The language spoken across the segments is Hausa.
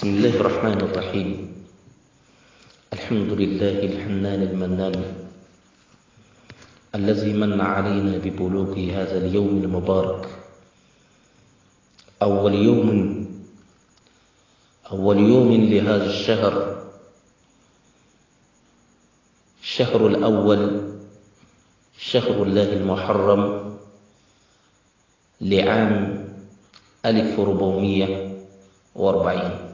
بسم الله الرحمن الرحيم الحمد لله الحنان المنان الذي من علينا ببلوغ هذا اليوم المبارك أول يوم أول يوم لهذا الشهر الشهر الأول شهر الله المحرم لعام 1440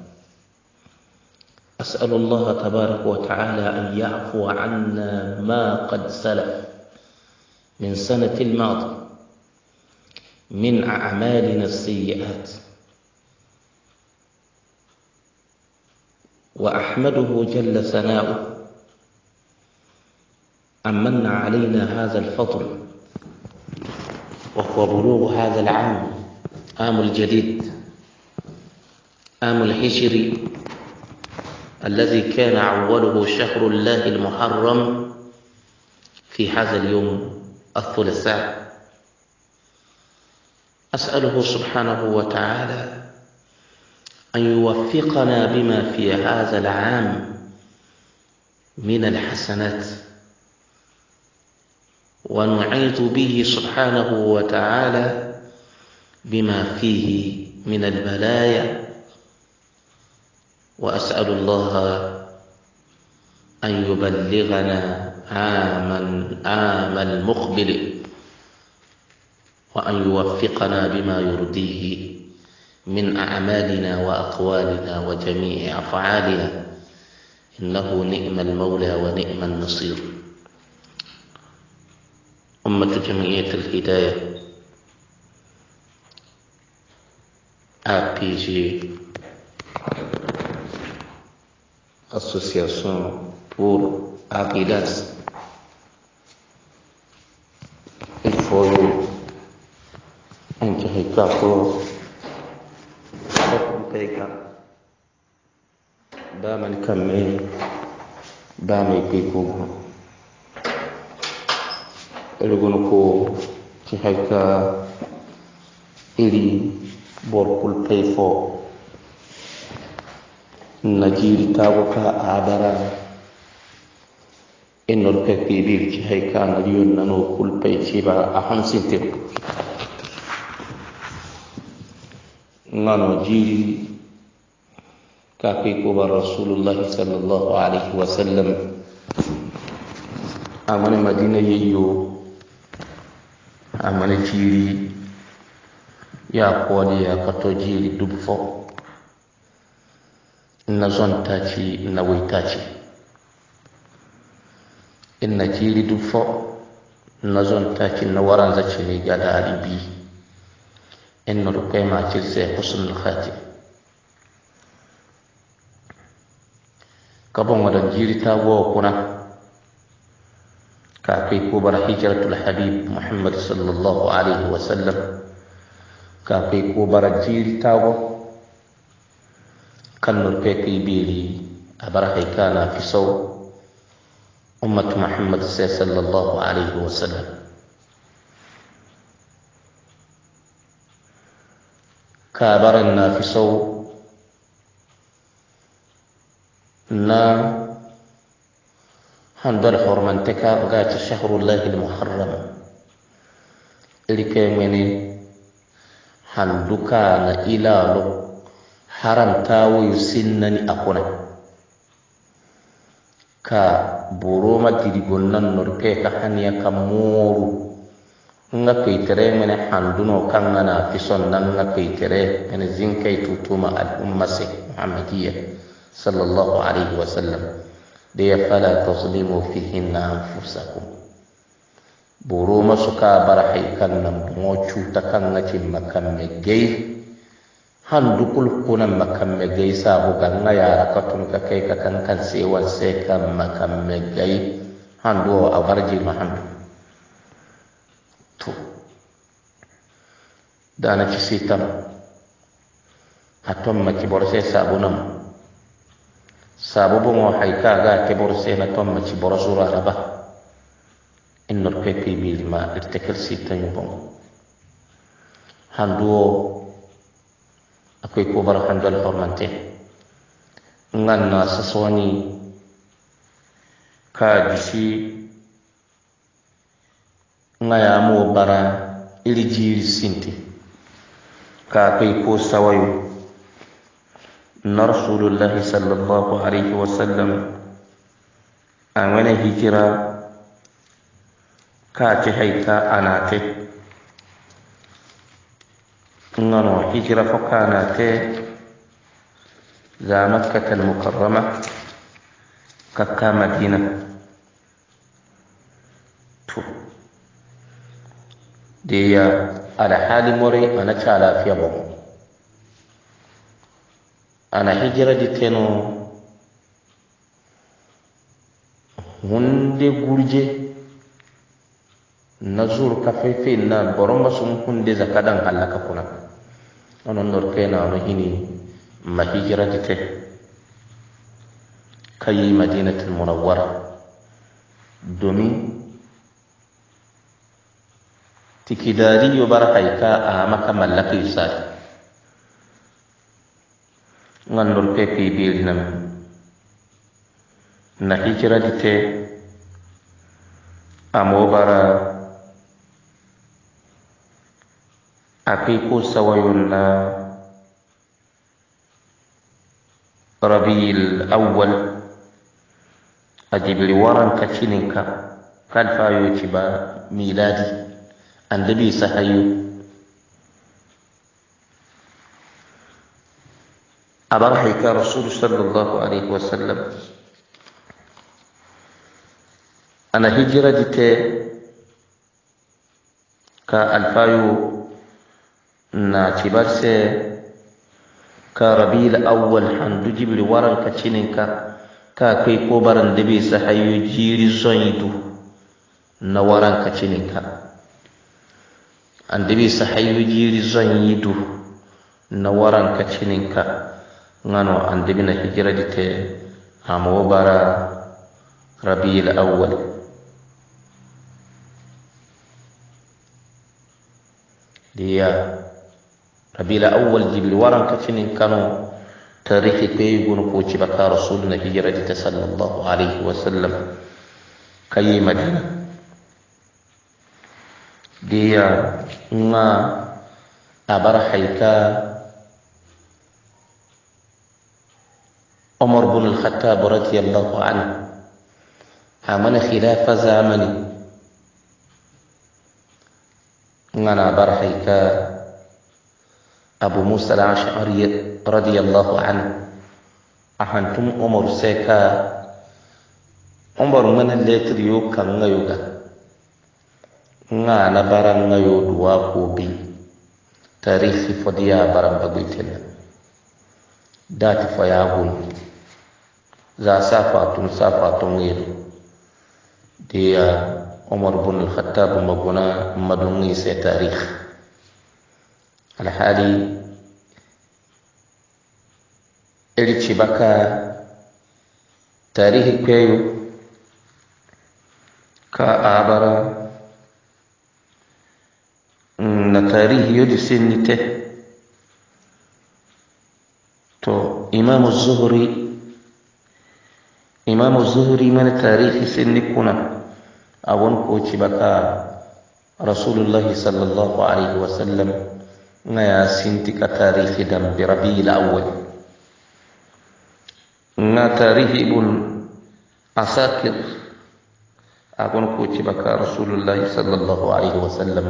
أسأل الله تبارك وتعالى أن يعفو عنا ما قد سلف من سنة الماضي من أعمالنا السيئات وأحمده جل ثناؤه أمن علينا هذا الفضل وهو بلوغ هذا العام عام الجديد عام الهجري الذي كان عوله شهر الله المحرم في هذا اليوم الثلاثاء أسأله سبحانه وتعالى أن يوفقنا بما في هذا العام من الحسنات ونعيذ به سبحانه وتعالى بما فيه من البلايا وأسأل الله أن يبلغنا عاما عام المقبل وأن يوفقنا بما يرضيه من أعمالنا وأقوالنا وجميع أفعالنا إنه نعم المولى ونعم النصير أمة جمعية الهداية جي association pour Aqidas. Il faut un territoire pour Afirka ba man mai fiko ba irgun ko ci haika iri borkul fai najiri tago ka adara enol pekki bir ci hay ka na yon nano kul pay ci ba a hansin te ngano jiri ka kai ko ba rasulullahi sallallahu alaihi wasallam amane madina yayyo amane jiri ya kwani ya kato jiri dubfo na zon ta na wai ta ci in dufo na zon ta na waran zace ne ga alibi inna na rukai ma ci sai husnul khatim kabon wadan jiri ta gowa kuna ka kai ko bar hijratul habib muhammad sallallahu alaihi wasallam ka kai ko bar jiri ta كنو بيكي بيلي أبرحي كان في صو أمة محمد صلى الله عليه وسلم كابرنا في صو نا هندر حرمانتك غات شهر الله المحرم لكي مني هندوكا إلى لو haramta wo yusinnani akona ka boroma dirigol nan norke ka haniya ka mooru nga kaitere mene handuno kanga na fison nan nga kaitere mene zinkai tutuma al'umma se muhammadiyya sallallahu alaihi wasallam da ya fala tazlimu na anfusakum boroma suka bar haikan nan mo cuta kan ngacin makan han dukul kunan makamme gai sabu na yara katun ka kai ka kankan sewan sai kan makamme gai han duwa a barji mahandu to da na ci sitam a ton maki bor sai sabu nan sabu bin wa haika ga ke bor sai na ton maki bor zura na In in norpe kai bi ma irtakar sitan yi bon han duwa akwai ko a cui cubano handol hormante nganna sasoni ka jisi ngaya mo bara ili jiri sinti ka kai ko sawayo na rasulullahi sallallahu alaihi wasallam a wani hikira ka ci haita a nate nono hijira fokkanate za makkata almukarrama kakka madina to da ya alhali more ana ta lafiya ba ana hijira di teno hunde gurje na zur ka faifin na boron masu hunde zakadan halaka kuna onon ɗo kenano ini ma hijirati ke kayi madinatul munawwara domin tikidariyo bar hayka amaka mallaki sari ngandol kai pibiri nan na hijirati te amo bara أبيكو سوي ربيع الأول أجيب لي ورن كتشينكا كان فايو تبا ميلادي أندبي سهيو أبرحك رسول صلى الله عليه وسلم أنا هجرة جتي كألفايو na sai ka rabi'il awwal hannu jibri waran ka cininka ka kai ko baran da bai sa hayo jiri son yitu na waran ka cininka an da bai sa hayo jiri son yitu na waran ka cininka ngano an da bina hijira da ta amma bara rabi'il awwal yeah. قبيلة أول جبل ورم كتن كانوا تاريخ كيبون كوشي بكا رسولنا هجرة صلى الله عليه وسلم كي مدينة ديا ما أبر حيكا عمر بن الخطاب رضي الله عنه عمل خلاف زعمني أنا أبر حيكا أبو موسى الأشعري رضي الله عنه أهانتم عمر سيكا عمر من اللي تريو كان نيوغا نانا باران نيو دواكو بي تاريخي فديا باران بغيتنا داتي فياغون ذا سافاتون سافاتون غير دي عمر بن الخطاب مبنى مدني سي تاريخ alhali irci baka tarihi kwayo, ka abara mm, na tarihi yodi nite to imamu zuhri imamu zuhri mana tarihi sinni nikuna a wani koci baka rasulullahi sallallahu alaihi wasallam نيا سنتك تاريخ دم بربي الأول نا تاريخ ابن أساكر أكون كوتي بك رسول الله صلى الله عليه وسلم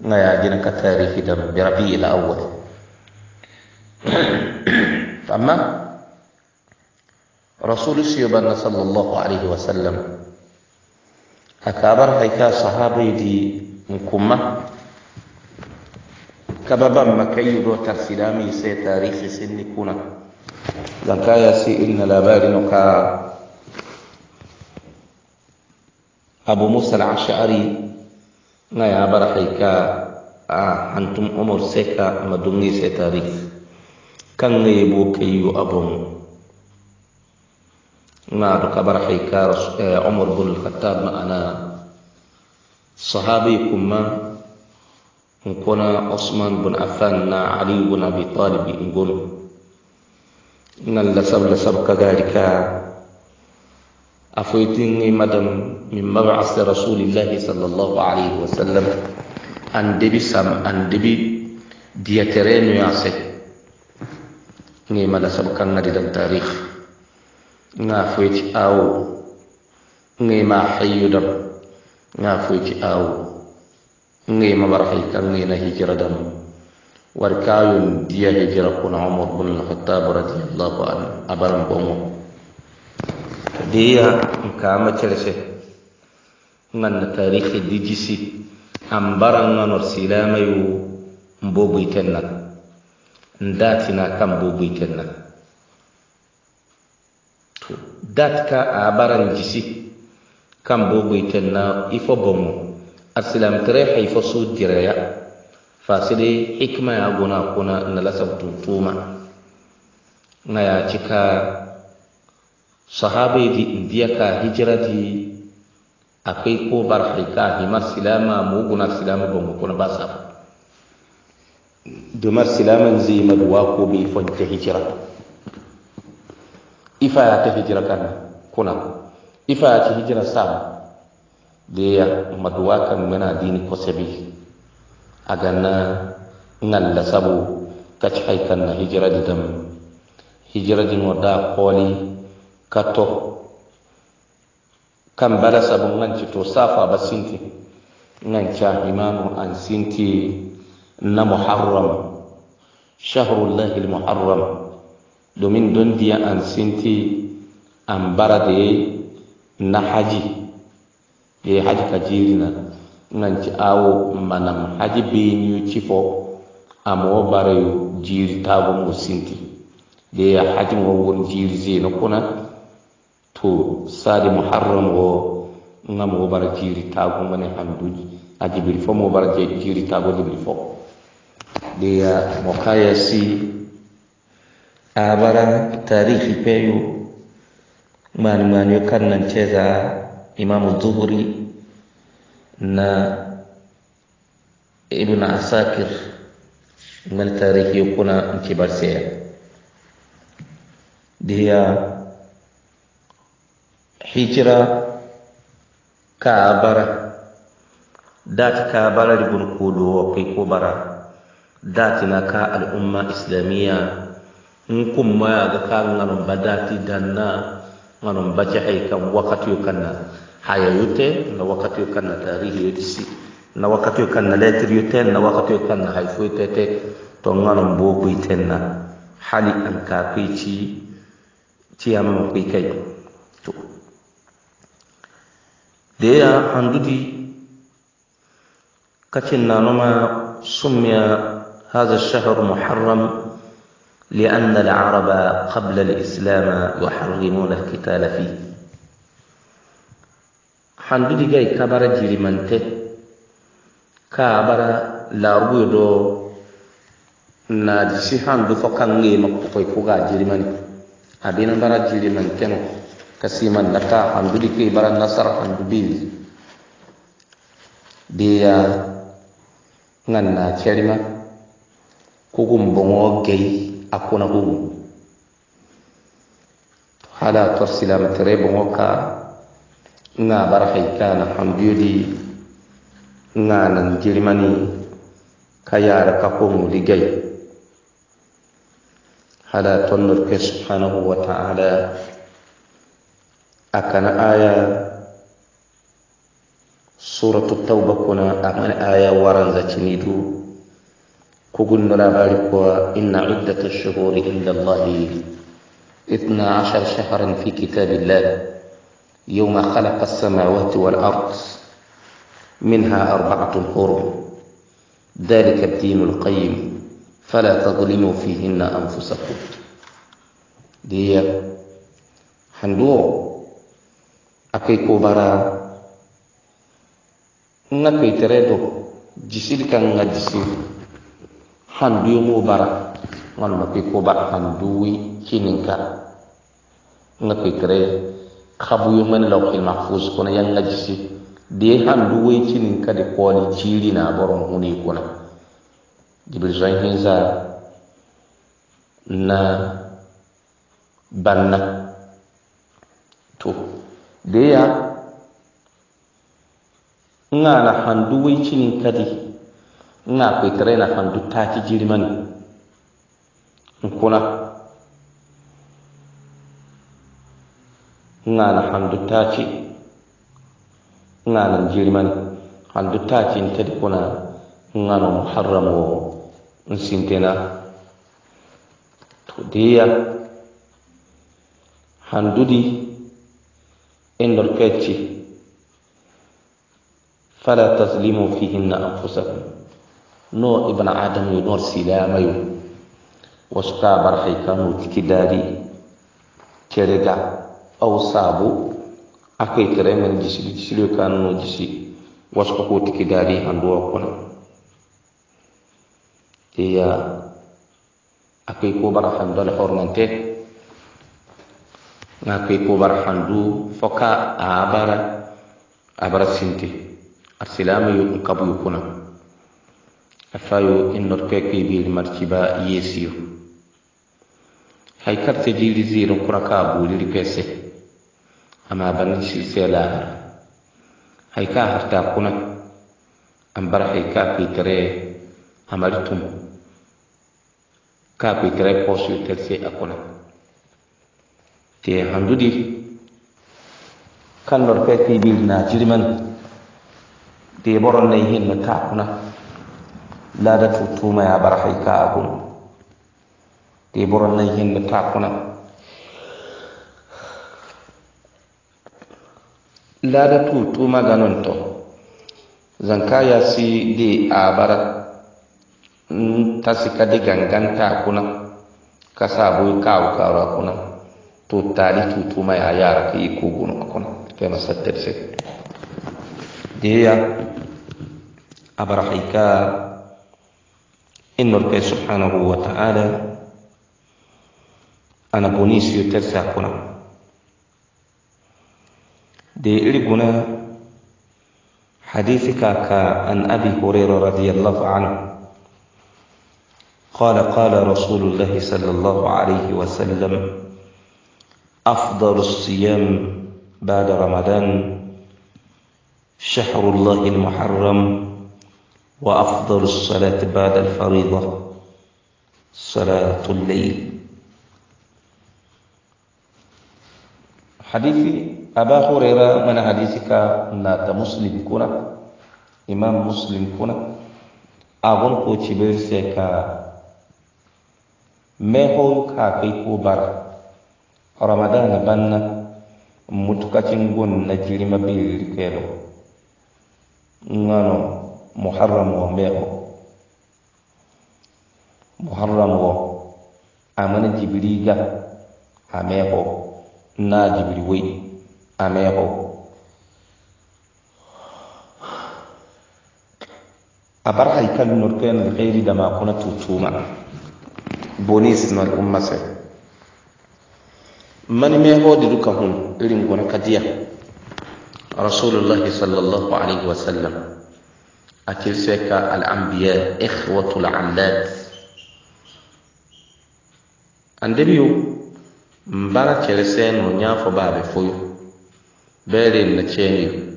نيا جنك تاريخ دم بربي الأول فما رسول سيبان صلى الله عليه وسلم أكابر هيكا صحابي دي مكمة kababan makayi do tarsidami sai tarihi sai ni kuna dan kaya si inna labari no ka abu musa al-ash'ari na ya bar haika a hantum umar sai ka madungi sai tarihi kan ne bo kayu abun na da kabar haika eh, umar bin al-khattab ana. sahabi kuma nkona osman bun affan na ali bun abi talibi ngono nan lasab lasab kadhalika afoytinŋe madam min mabasi rasulillahi sallallahu alayhi wa sallam an debi sam an debi diyatere nuyanse ŋe mala sab kaŋŋa didan tarikh ŋa foyti awo ŋe ma hayyudam ŋa foyti awo ngi mabarxi kan ngi na hijira dam war kayun dia hijira kun umar bin al-khattab radhiyallahu an abaram bongo dia ka ma cerse ngan tarikh dijisi ambaran nganor silamayu mbobu itenna ndatina kam bobu itenna dat ka abaran jisi kam bobu itenna ifo bomo asilamtire haifasu direya fasidi hikma ya gona kuna na lasabtu tuma na ya cika sahabai di indiya ka hijira di akwai ko bar haika a himar silama muguna silama ban kuna ba sa dumar silaman zai maduwa ko bai fanta hijira ifa ya ta hijira kana kuna ifa ya ta hijira sama leya maduwa kan mena dini kosebi aga nan da sabu ka hay kan na hijira di dam hijira di da koli kato kan bala sabu nganci to safa ba sinti nganca imanu an sinti na muharram shahrullahi muharram domin don diya an sinti an bara na haji ye haji ka jiiri na nanci awo manam haji beeñiyo cifo amoo barayo jiiri taago mo sinti de haji mo won jiiri zeno kuna to sadi muharram o namoo bara jiiri taago mane hamduji a jibiri fo moo bara jiiri taago jibiri fo de mo kaya si a bara tarihi peeyo maani maaniyo kan nan ceesa imamu zuhuri na ibn asakir mal tarihi kuna انكبار سيئة دي hijira kaabara dati kaabara di kudu wa kai kubara dati na ka al'umma islamiya n kan ka ŋanumba dati danna ngano mbacha hay kam wakati kanna haya te, na wakati kanna tarihi disi, na wakati kanna letri te, na wakati kanna haifu te. to ngano mboku na hali an ka kafi ci ci ciyaman kai kai to da ya handudi kacin na noma sumiya hazar shahar muharram لأن العرب قبل الإسلام يحرمون القتال فيه handudi gay kabara jirimante kabara larubu do na jisi handu fo kange makko koy kuga jirimani abina bara jirimante no kasiman naka handudi ke bara nasar handubi biya nganna cerima kugum bongo akuna humu hala tor silam tere bongo nga barakay na hamdudi nga nan jirmani kayara ka ko hala tonnor ke subhanahu wa ta'ala akana aya suratu tauba kuna aya waranza chinidu كوكن لا غارق إن عدة الشهور عند الله اثنا عشر شهرا في كتاب الله يوم خلق السماوات والأرض منها أربعة حرم ذلك الدين القيم فلا تظلموا فيهن أنفسكم دي هندو أكيكو برا نكي تريدو جسيل كان جسيل handuyo mo bara ngal ma pi ko bara handuwi kininka nga pikre kabu yo man lawhil mahfuz kuna yanga jisi de handuwi di de koli ciri na boron huni ko kuna jibril zahin za na banna to da ya nga na handuwi kininka di. ina kuitara na fandu taci jirimani kuna ina na handu taci ŋa fandu ta handu taci ntedi kuna ina na muharram wo sintina to diya fandu di endor kecci fala taslimu na anfusakum no ibn adam yo nor silamayo wasu ka bar haikano ciki dari kerega au sabu akai tare man jisi jisi kanu no jisi wasu ka ko ciki dari handuwa kuna te ya akai ko bar handole hormante nga kai ko bar handu foka a bara a bara sinti arsilama yo kabu kuna afayo innor keke biri marciba yesiyo hay karte jiri ziro kura ka buliri pese ama bani silse lahara hay ka harta kuna ambar hay ka pitere amari tum ka pitere posu terse akuna te handudi kan nor keke biri na jirman te boron nay hinno ka kuna lada tutuma ya bar haika a te buron nan hinda takuna lada ma ganin to zanka ya si de a abara ta ka di gangan takuna ka sa sabu kawo a kuna to tari tutuma ya yara ka yi kogono kuna kai masattar sai da ya abar haika Innor subhanahu wa ta'ala ana boni siyo tersa kuna de iri guna hadithi kaka an abi hurairah radiyallahu anhu قال قال رسول الله صلى الله عليه وسلم أفضل الصيام بعد رمضان شهر الله المحرم وأفضل الصلاة بعد الفريضة صلاة الليل حديث أبا هريرة من حديثك نات مسلم كنا إمام مسلم كنا أغن كوشي برسيكا مهو كاكي كوبر رمضان بنا mutukacin gon na jirima bil kero ngano muharram wo mbeo muharram wo amana jibiri ga ameho na jibiri wei ameho abar haikal nurkan alkhairi da makuna tutuma bonis na al'umma sai mani meho da duka hun irin gona kadiya rasulullahi sallallahu alaihi wasallam أتلك الأنبياء إخوة العلات أندبيو مبارا تلسين ونيا فبابي فويو بيري نتشينيو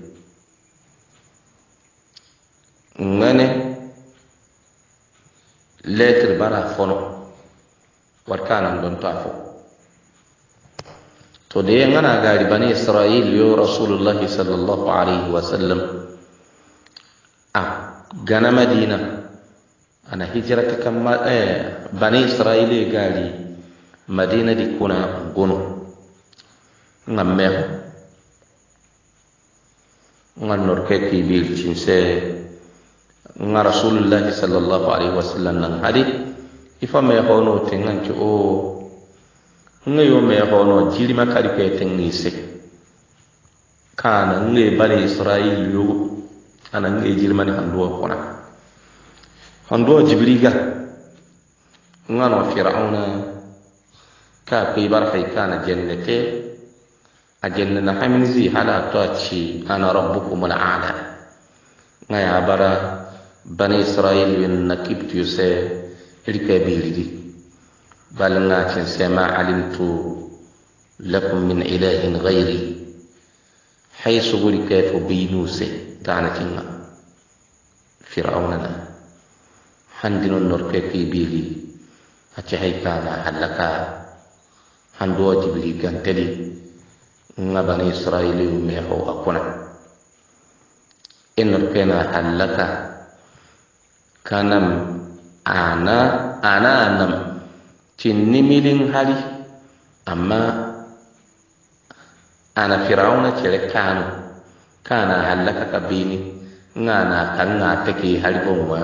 ngane lettre bara fono warkanan don ta fo to de ngana gari bani israil yo rasulullahi sallallahu alaihi wasallam a ah, gana madina ana hijirata kan eh, bani israili gari madina di kuna gono nga meho nga norke tibil cinse nga rasulullahi sallallahu alaihi wasallam nan hadi ifa meho no tingan ci o oh, nga yo meho no jiri makari pe tingi se kana nga bani israili yo anan e jilmani handuwa kuna handuwa jibriga ngano fir'auna ka kai barfai kana jannate a jannana hamzi hala to ci ana rabbukum al'ala ngaya bara bani israil bin nakibtu yuse irka biridi bal ngacin sema alimtu lakum min ilahin ghairi haysu gurika fo binuse daanakiŋa firawna la handino norkeki bili a cehai kaala hallaka handuwa jibili ganteli ŋa bani israiliyu meho a kuna inorkena hallaka kanam ana ana nam tinnimilin hali amma ana firawna cere kaanu kana hallaka kabini nga na kan nga take harbin wa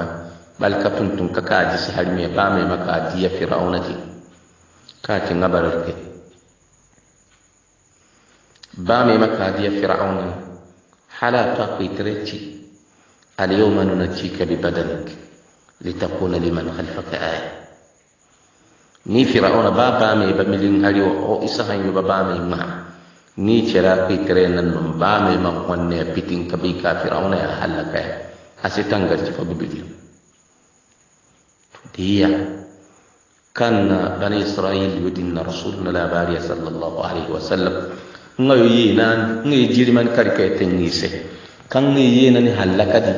balka tuntun ka kaji si har mai ba mai maka diya fir'auna ce ka ki gabarar ke ba mai maka diya fir'auna hala ta kai tireci al yawma nunajjika bi badanik litakuna liman khalfaka aya ni fir'auna ba ba mai ba milin hari wa o isa hanyu ba ba mai ma ni cera kitere nan num ba mai man wanne fitin ka bi ka fir'auna ya halaka ya asitan garci fa bibili diya kan na bani isra'il yudin na rasulun labari sallallahu alaihi wa wasallam ngayo yi yi na nan ngayo jirman karkai tan nise kan ngayo yi nan halaka di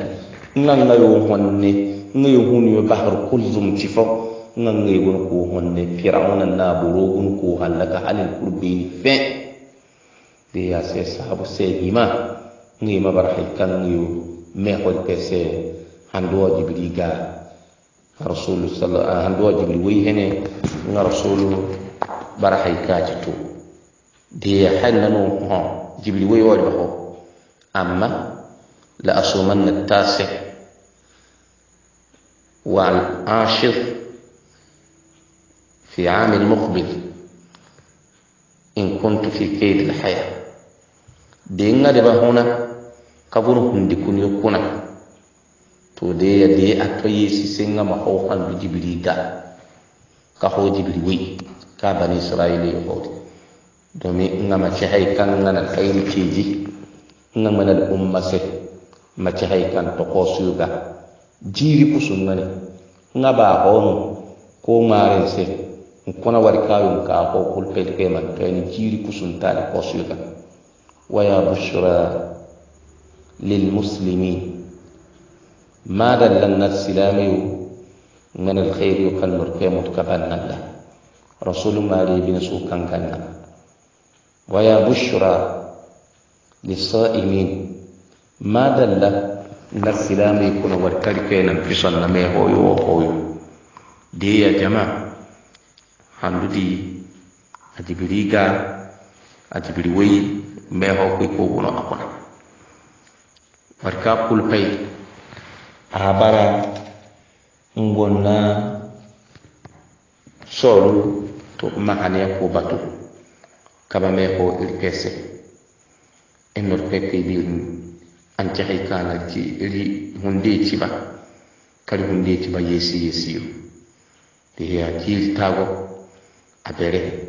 ngan ngayo wanne ngayo hunu bahar kullum cifo ngan ngayo ko wanne fir'auna na buru ko halaka halin kurbini fe يا سيسا أبو سيدي ما نيما برحي كان نيو ميخول تسي هندوا جبلي غا رسول صلى الله عليه هندوا جبلي ويهنة رسول برحي كاجتو دي حلنو ها جبلي وي وي بخو أما لأصومن التاسع والعاشر في عام المقبل إن كنت في كيد الحياة denga deba hona kaburu hundi kunyo kuna to de ya de atto yesi singa ma ho han du jibri ga ka ho jibri wi ka bani israil yo bodi do mi ngama ci hay kan ngana tayri ciji ngama na umma se ma ci hay kan to ko su ga jiri ku sun ngane ngaba honu ko mare se ko na war kayun ka ko kul pe pe man tayni jiri ku sun tare ko su ga ويا بشرى للمسلمين ما دلنا السلام من الخير يقال مركي متكبنا له رسول ماري بن سوكان كان ويا بشرى للصائمين ما لنا السلام يكون والكركين انفصل لما هو يوقو دي يا جماعه handudi adibiriga adibiriwei mbe ho kuy ko wono akona warka kul pay a bara ngonna solu to mahane ko batu kaba me ho irkese enor pepe bi an jahi kana ti ri hunde ci ba kari hunde ci ba yesi yesi yo te ya ki tago a bere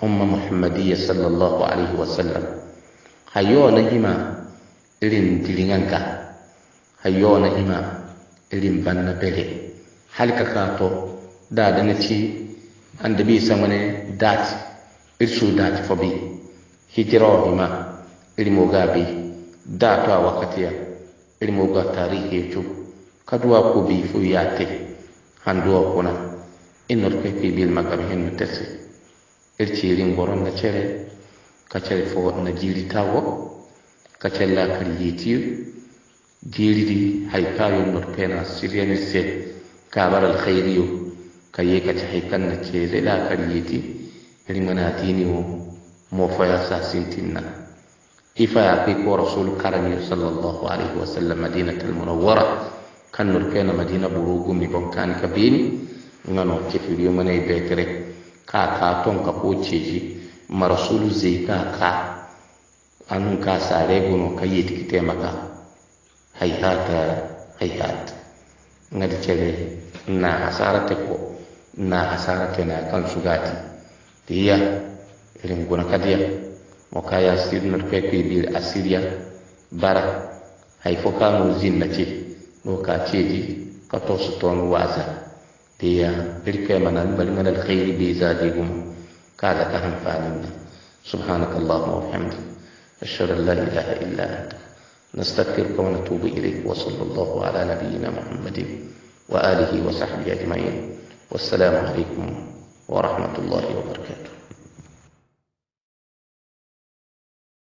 umma muhammadiyya sallallahu alaihi wasallam hayo na hima irin dilinganka hayo na hima irin banna bele halka kato da da na ci an da bi san wani dat isu dat fobi hijira hima irin mogabi da to a wakatiya irin moga tarihi ya kaduwa ko bi fu ya te handuwa kuna inor kai bil magam mutasi erceeri ngoron na cere kacel fo na jiiri tawo kacel laakari yeetiir jeeri ɗi hay kayon not pena siriyani se kabaral hayriyo ka ye na hay la ceele laakari yeeti mana manatini o mo foya sa Ifa ya kai ko rasul karamiyo sallallahu alaihi wa sallam madinat almunawwara kan not pena madina ɓuro gumi bon kani ka beeni ngano kefiriyo manay beetere ka ton ka ko ceji marasulu zai ka anun ka sare gono ka yi tikite maka haihata haihata nga da cere na hasarata ko na hasarata na kan su sugati da iya irin gona kadiya mo kaya sirna pepe a asiriya bara haifo kano na ce no ka ceji ka to su tonu waza تيا بلك من البلمن الخير بيزادي بم كالا تهم سبحانك اللهم وبحمدك أشهد أن لا إله إلا أنت نستغفرك ونتوب إليك وصلى الله على نبينا محمد وآله وصحبه أجمعين والسلام عليكم ورحمة الله وبركاته